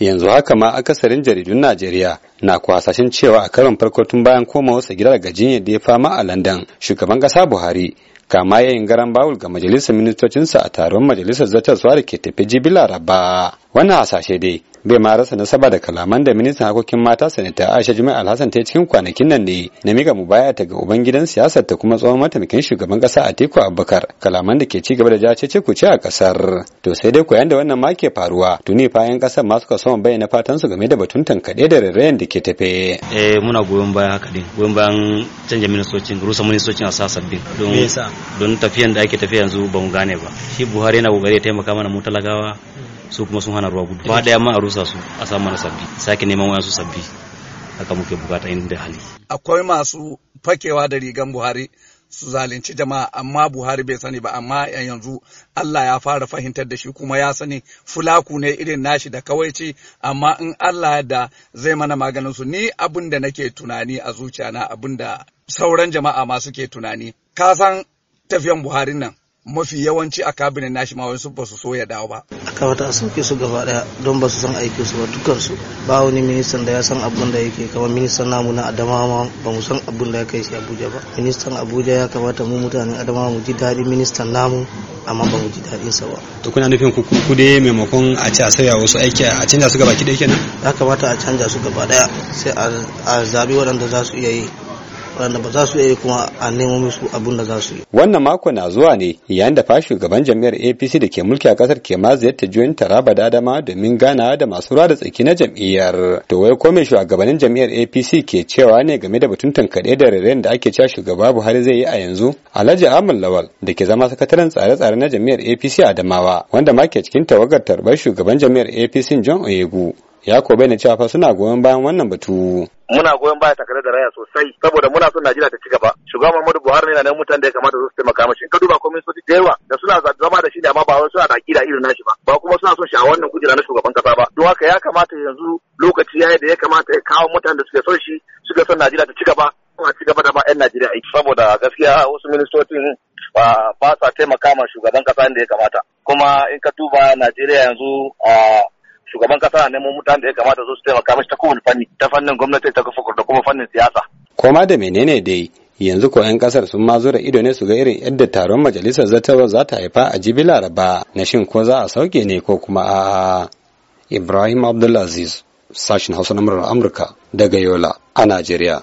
yanzu haka ma akasarin jaridun najeriya na kwasashen cewa a karon farko tun bayan komawarsa gida daga jinyar da ya fama a london shugaban kasa buhari kama yayin garan bawul ga majalisar ministocinsa a taron majalisar zartaswa da ke tafi jibi laraba wannan hasashe dai bai ma rasa nasaba da kalaman da ministan harkokin mata sanita Aisha jumai Alhassan ta cikin kwanakin nan ne na miga baya ta ga gidan siyasar ta kuma tsohon mataimakin shugaban kasa Atiku Abubakar kalaman da ke ci gaba da ce ku ce a kasar to sai dai koyan yanda wannan ma ke faruwa tuni fayan kasar ma suka soma bayyana fatan su game da batun tankade da rarrayan da ke tafe eh muna goyon baya haka din goyon bayan canja ministocin rusa ministocin a sasabbin don don tafiyan da ake tafiya yanzu ba mu gane ba shi Buhari yana kokari ya taimaka mana mu talagawa. su kuma sun hana ruwa gudu ba daya ma a rusa su a samu sabbi sake neman wayansu sabbi haka muke bukata inda hali akwai masu fakewa da rigan buhari su zalunci jama'a amma buhari bai sani ba amma yanzu allah ya fara fahimtar da shi kuma ya sani fulaku ne irin nashi da kawaici amma in allah da zai mana maganin su ni abin da nake tunani a zuciya na abin da sauran jama'a ma suke tunani ka san tafiyan buhari nan mafi yawanci a kabinet nashi ma wasu ba su so ya dawo ba. A kawata a sauke su gaba daya don ba su san aiki su ba dukkan su ba wani ministan da ya san abun da yake kamar ministan namu na Adamawa ba mu san abun da ya kai shi Abuja ba. Ministan Abuja ya kamata mu mutanen Adamawa mu ji daɗin ministan namu amma ba mu ji daɗin sa ba. To kuna nufin ku ku dai maimakon a ce a sauya wasu aiki a canja su gaba ki dai kenan? Ya kamata a canja su gaba daya sai a zabi waɗanda za su iya yi. waɗanda ba za su iya kuma a nemo musu abin da za su yi. Wannan mako na zuwa ne yayin da fa shugaban jami'ar APC da ke mulki a kasar ke ma ziyarta juyin Taraba da Adama domin gana da masu ruwa da tsaki na jam'iyyar. To wai ko me shugabannin jami'ar APC ke cewa ne game da batun tankaɗe da rairayin da ake cewa shugaba Buhari zai yi a yanzu? Alhaji Ahmad Lawal da ke zama sakataren tsare-tsare na jami'ar APC Adamawa wanda ma ke cikin tawagar tarbar shugaban jami'ar APC John Oyegu ya ko cewa fa suna goyon bayan wannan batu muna goyon baya takarar da raya sosai saboda muna son Najeriya ta ci gaba shugaban Muhammadu Buhari ne nan mutanen da ya kamata su taimaka mashi in ka duba komai sun da yawa da suna zama da shi ne amma ba wai suna da akida irin nashi ba ba kuma suna son shi a wannan kujera na shugaban kasa ba don haka ya kamata yanzu lokaci yayi da ya kamata ya kawo mutanen da suke son shi suka son Najeriya ta ci gaba a ci gaba da ba 'yan Najeriya aiki saboda gaskiya wasu ministocin ba sa taimaka ma shugaban kasa inda ya kamata kuma in ka duba Najeriya yanzu a shugaban kasa na neman mutane da ya kamata su taimaka mashi ta kowane fanni ta fannin gwamnati ta da kuma fannin siyasa. Koma da menene dai yanzu ko 'yan kasar sun ma da ido ne su ga irin yadda taron majalisar zartarwa za ta haifa a jibi laraba na shin ko za a sauke ne ko kuma a Ibrahim Abdulaziz sashin Hausa na Amurka daga Yola a Najeriya.